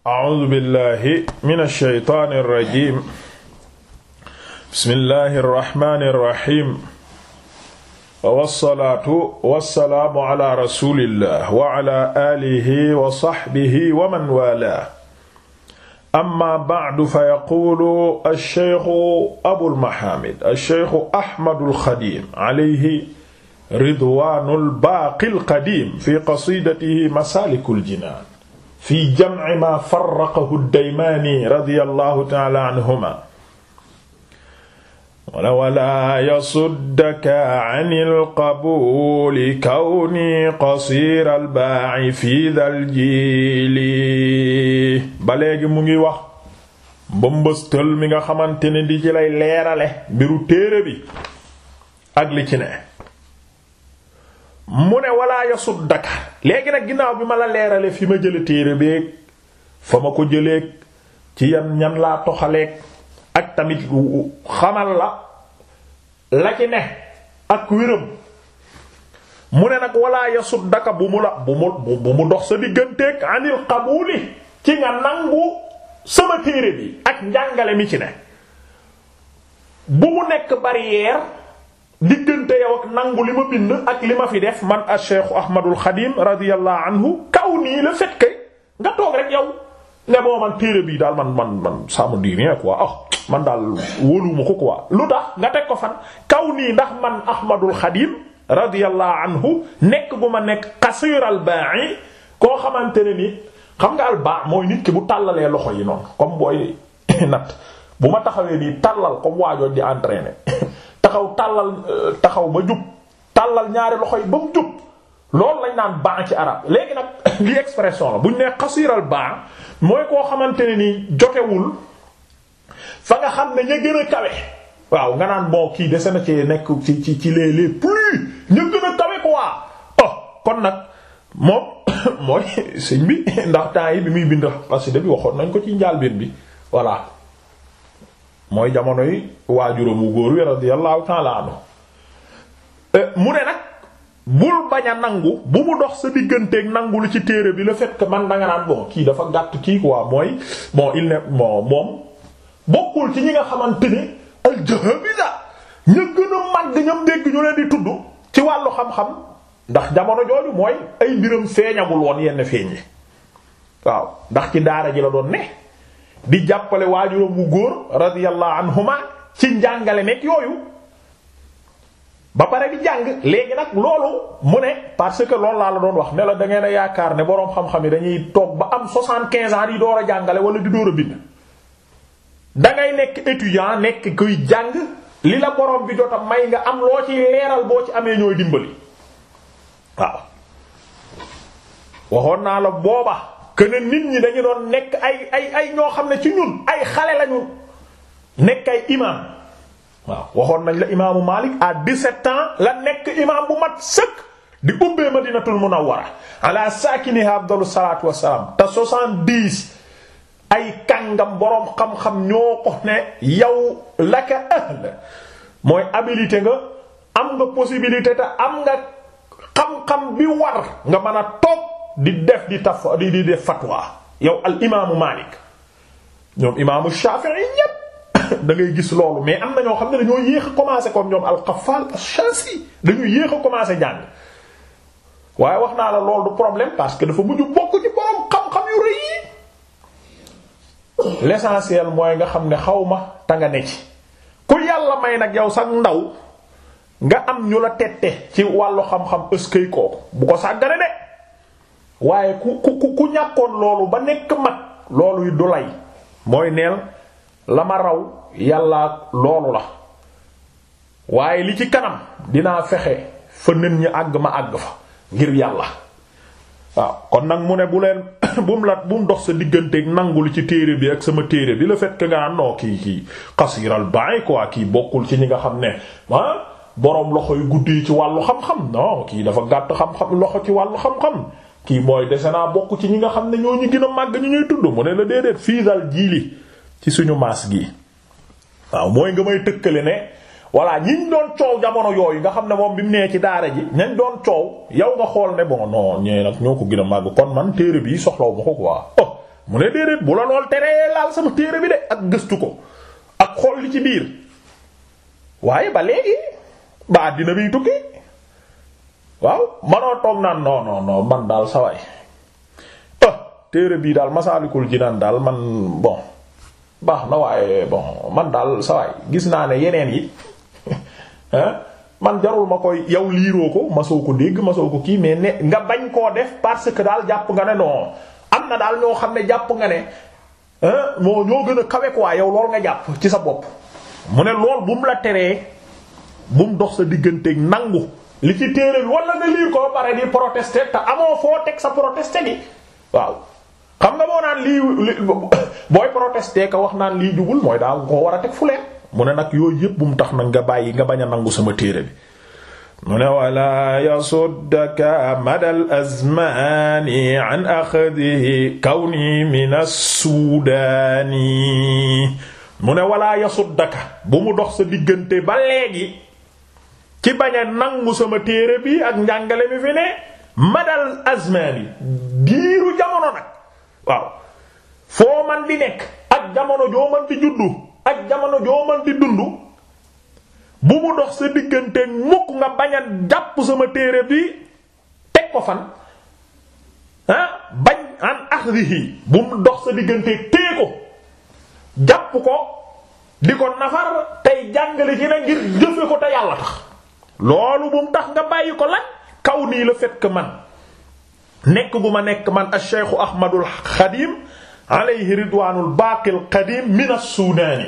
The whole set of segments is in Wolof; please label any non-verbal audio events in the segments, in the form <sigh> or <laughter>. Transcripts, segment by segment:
A'uuzu billaahi mina shaytaani rajiim. Bismillaahi rahmaani rahiim. Wa salaatu wa salaamu ala rasuulillaah wa ala aalihi wa sahbihi wa man waalaah. Amma ba'du fa yaquulu ash-shaykhu Abul Mahaamid ash-shaykhu Ahmadul Xadiim alayhi ridwaanul baaqil qadiim fi qasiidatihi Masaalikul Jinaan. fi jam'i ma farraqahu ad-Daymaani radiyallahu ta'ala anhuma wala wala yasuddaka anil qabuuli kawni qasiiral baa'i fii dal jiili ba léegi mu ngi wax mbëmbëstël mi nga xamante ne di ci lay leerale mbiru téere bi ak li ci ne mu ne wala yasuddaka léegi nag ginnaaw bi ma la leerale fi ma jële téere beeg fa ma ko jëleeg ci yan ñan laa toxaleeg ak tamit xamal la la ci ne ak wéram mu ne nag wala yasuddaka bu mu la bu mu bu mu dox sa digganteeg anil qabuli ci nga nangu sama téere bi ak njàngale mi ci ne bu mu nekk barrière diggan teew nangu li ma bind ak li ma fi def man a Cheikh Ahmadul Xadim radiyallahu anhu kaw nii la fekk nga toog rek yow ne boo man téere bii daal man man man ça me dit rien ah man daal wóoluwuma ko quoi lu tax nga teg ko fan kaw nii ndax man Ahmadul Xadim radiyallahu anhu nekk gu ma nekk qasir al koo xamante ne ni xam nga al ba' mooy nit ki bu tàllalee loxo yi noonu comme booy <laughs> natt bu ma taxawee nii tàllal comme waajooj di entraîner <laughs> taxaw tàllal euh, taxaw ba jub tàllal ñaari loxo yi ba mu jub loolu lañ naan ban ci arab léegi nag <coughs> li expression la bu ñu nee xasiiral ban mooy koo xamante ne nii jotewul fa nga xam ne ña gën a kawe waaw nga naan boo kii dese na ci nekk ci ci ci les les plus ña a kawe oh, kon nag moom <coughs> mooy sëñ bi <coughs> ndax temps yi bi muy bind parce xasida bi waxoon nañ ko ci njàlbeen bi voilà. mooy jamonoy waajuram wu góor wi radiyallahu ta'ala anhu eh, mu ne nag bul bañ nangu bu mu dox sa digganteeg nangu lu ci téere bi la fait man da nga naan bon kii dafa gàtt kii quoi mooy bon il ne bon moom bokkul ci ñi nga xamante ni al-jahabiza ña gën mag ñam dégg ñu leen di tudd ci wàllu xam-xam ndax jamono jooju mooy ay mbiram feeñagul woon yenn feeñ yi waaw ndax ci daara ji la doon ne. di jàppale waajuram wu góor radiyallahu anhuma ci njàngale nekk yooyu ba pare di jàng léegi nag loolu mu ne parce que loolu laa la doon wax ne la a yaakaar ne boroom xam-xam yi dañuy toog ba am soixante-quinze ans di door a jàngale wala di door a bind dangay nekk étudiant nekk kuy jàng li la borom bi jot a may nga am loo ci leeral boo ci amee ñooy dimbali waaw waxoon naa la booba que ne nit ñi dañu doon nekk ay ay ay ñoo xam ne ci ñun ay xale lañu nekk ay imaam waaw waxoon nañ la imaamu Malik à 17 ans la nekk imaam bu mat sëkk di ubbee Madinatul àlla ala saakiniha afdalu salaatu wassalaam te 70 ay kàngam boroom xam-xam ñoo ko ne yow laka ahl mooy habilité nga am nga possibilité te am nga xam-xam bi war nga mën a toog. di def di taf di di def fatwa yow al imaamu Maalik ñoom imaamu Shaafi'i ñépp <coughs> da ngay gis loolu mais am na ñoo xam ne dañoo yéex a commencé comme ñoom al-Qaffal ash-Shaasi dañu yéex a commencé jàng waaye wax naa la loolu du problème parce que dafa mujj bokk ci borom xam-xam yu rëy yi l'essentiel mooy nga xam ne xaw ma ta ne ci ku yàlla may nag yow sax ndaw nga am ñu la tette ci wàllu xam-xam ëskay kooku bu ko sàggane de waaye ku ku ku ñàkkoon loolu ba nekk mag loolu du lay mooy neel la ma raw yàlla loolu la waaye li ci kanam dinaa fexe fa nit ñi àgg ma àgg fa ngir yàlla waaw kon nag mu ne bu leen <coughs> bum la bum dox sa digganteeg nangul ci téere bi ak sama téere bi la fait que nga noo kii kii xasiiral baay quoi kii bokkul ci ñi nga xam ne ah boroom loxo yu gudd ci wàllu xam-xam non kii dafa gàtt xam-xam loxo ci wàllu xam-xam kii mooy dese naa bokk ci ñi nga xam ne ñoo ñu gën màgg ñu ñuy tudd mu ne la déedéet fii dal jiili ci suñu maas gi waaw mooy nga may tëkkale ne voilà ñi ñu doon coow jamono yooyu nga xam ne moom bi mu nee ci daara ji ñañ doon coow yow nga xool ne bon non ñee nag ñoo ko gën màgg kon man téere bi soxlaw ma ko quoi oh mu ne déedéet bu la lool teree laal sama téere bi de ak gëstu ko ak xool li ci biir waaye ba léegi ba àddina biy tukki. waaw manoo toog naan non non non man daal sawaay ah, téere bii daal masaalikul jinaan daal man bon baax na waaye bon man daal sawaay gis naa ne yeneen yi <laughs> man jarul ma koy yow liiroo ko masoo ko dégg masoo ko kii mais ne nga bañ koo def parce que daal jàpp nga ne non am na daal ñoo xam ne jàpp nga ne moo ñoo gën a kawe quoi yow lool nga jàpp ci sa bopp mu ne lool bu mu la teree bu mu dox sa digganteeg nangu li ci téere bi wala nga lii ko bare di protester te amoo foo teg sa protester gi waaw xam nga boo naan lii <coughs> booy protester ka wax naan lii jubul mooy daal koo war a teg fu leen mu ne nag yooyu yëpp bu mu tax nag nga bàyyi nga bañ a nangu sama téere bi mu ne wala yasuddaka madal azmani an axadihi kawni min as-sudani mu ne wala yasuddaka bu mu dox sa diggante ba léegi ci bañ a nangu sama téere bi ak njàngale mi fi ne madal azmaan yi diiru jamono nag waaw foo man di nekk ak jamono joo man di juddu ak jamono joo man di dund bu mu dox sa diggante mukk nga bañ jàpp sama téere bi teg ko fan ah bañ an axdihi bu mu dox sa diggante téye ko jàpp ko di ko nafar tey jàngale ci ne ngir jëfe ko te yàlla tax loolu bu mu tax nga bàyyi ko lan kaw nii la fait que man nekk bu ma nekk man al cheikhu ahmadul xadim alayhi ridwanul baaqil qadim min as-sudaani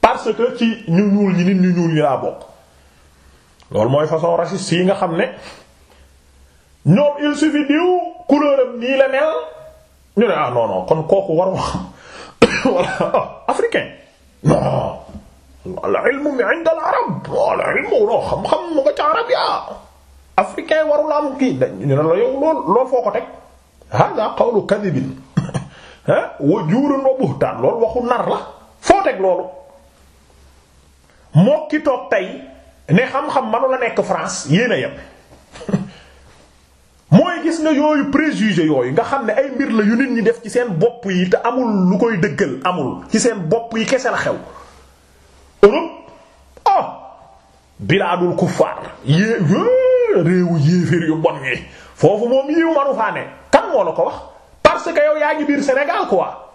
parce que ci ñu ñuul ñi nit ñu ñuul ñi laa bokk loolu mooy façon raciste yi nga xam ne ñoom il suffit diw couleur am nii la mel ñu ne ah non non kon kooku war wax <coughs> <coughs> africain non al ilmu mi inda al arab al ilmu loo xam-xam mu nga ca arab yaa africain warul am kii dañu ne la yow lool lool foo ko teg hada qawlu kadibin <laughs> wa juurun wa buhtaan loolu waxu nar la foo teg loolu moo ki toog tey ne xam-xam manu la nekk France yéen a yem <laughs> mooy gis nga yooyu préjugé yooyu nga xam ne ay mbir la yu nit ñi def ci seen bopp yi te amul lu koy dëggal amul ci seen bopp yi kese la xew Europe ah bilaadul kuffaar yée réewu yéeféer yu bon yi foofu moom yiw manu faa ne kan moo la ko wax parce que yow yaa ngi biir Sénégal quoi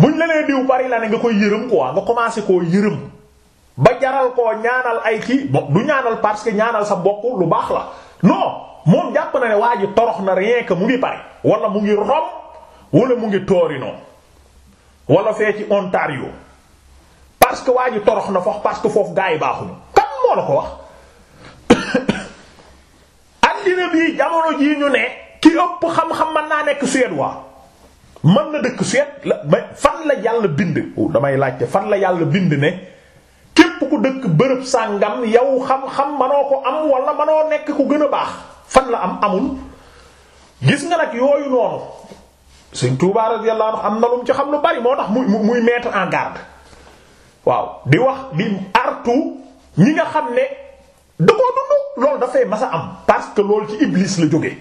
buñ la nee diw bari la ne nga koy yërëm quoi nga commencé koo yërëm ba jaral koo ñaanal ay kii du ñaanal parce que ñaanal sa bokk lu baax la non moom jàpp na ne waa ji torox na rien que mu ngi pare wala mu ngi Rome wala mu ngi Torino wala fee ci Ontario parce que waa ji torox na foofu parce que foofu gaay yi baaxuñu kan moo la ko wax <coughs> addina bii jamono jii ñu ne ki ëpp xam-xam mën naa nekk suédois mën na dëkk Suède la fan la yàlla bind oh, damay laajte fan la yàlla bind ne képp ku dëkk bërëb sàngam yow xam-xam manoo ko am wala manoo nekk ku gën a baax fan la am amul gis nga nag yooyu noonu Sëriñ Tuubaa radiyallahu am na lu ci xam lu bari moo tax muy muy mettre en garde waaw di wax di artu ñi nga xam ne da koo dund loolu dafay mas am parce que loolu ci iblis la jóge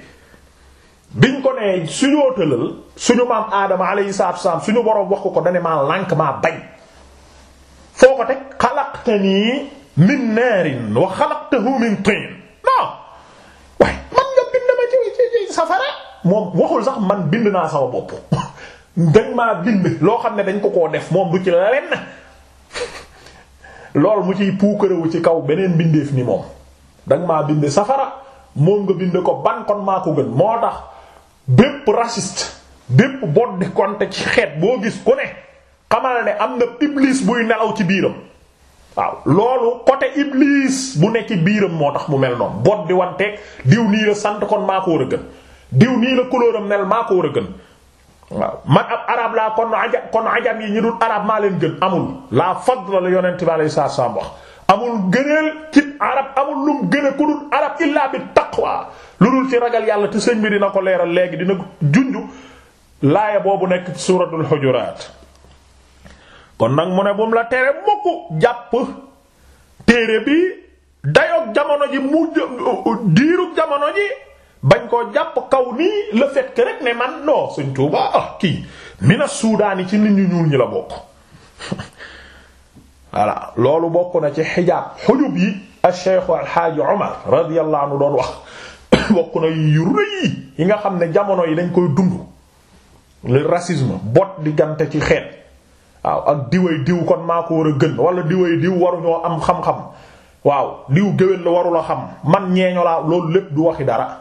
biñ ko nee suñoo tëlal suñu maam aadama alayhi salaatu wassalaam suñu boroom wax ko ko dane maa lànk maa bañ foo ko teg xalaqtanii min naarin wa te min tiin non waaye man nga bind ma ci ci safara moom waxul sax man bind naa sama bopp <laughs> dañ maa bind loo xam ne dañ ko koo def moom du ci lenn lool mu ciy puukarewu ci kaw beneen bindeef ni moom danga maa bind safara moom nga bind ko ban kon maa ko gën moo tax bépp raciste bépp bot di konte ci xeet boo gis ku ne xamal ne am na iblis buy nelaw ci biiram waaw loolu côté iblis bu nekk biiram moo tax mu mel noonu bot di wanteeg diw nii la sant kon maa ko war a gën diw nii la couleuram mel maa ko war a gën waaw man ab arab laa kon ajam kon ajam yi ñu dul arab maa leen gën amul laa fadla la yonent bi alayhi salaam wax amul gëneel ci arab amul lum gëne ku dul arab illaa bi taqwa lu dul ci ragal yàlla te sëñ bi dina ko leeral léegi dina junj laaya boobu nekk ci suuratul xujuraat kon nag mu ne bu la tere mukk jàpp téere bi dayoog jamono ji mu diirug jamono ji bañ koo jàpp kaw nii le fait que rek ne man non Sëriñ Tuubaa ah kii mina suudaani ci nit ñu ñuul ñi la bokk <laughs> voilà loolu bokk na ci xijaab xujub yi ash-Shaykh al-Haaji Omar radiyallahu anhu doon wax <coughs> bokk na yu rëy yi nga xam ne jamono yi dañ koy dund le racisme bot diggante ci xeet waaw ak diway diw kon maa ko war a gën wala diway diw waruñoo am xam-xam waaw diw géwél la warula xam man ñeeño laa loolu lépp du waxi dara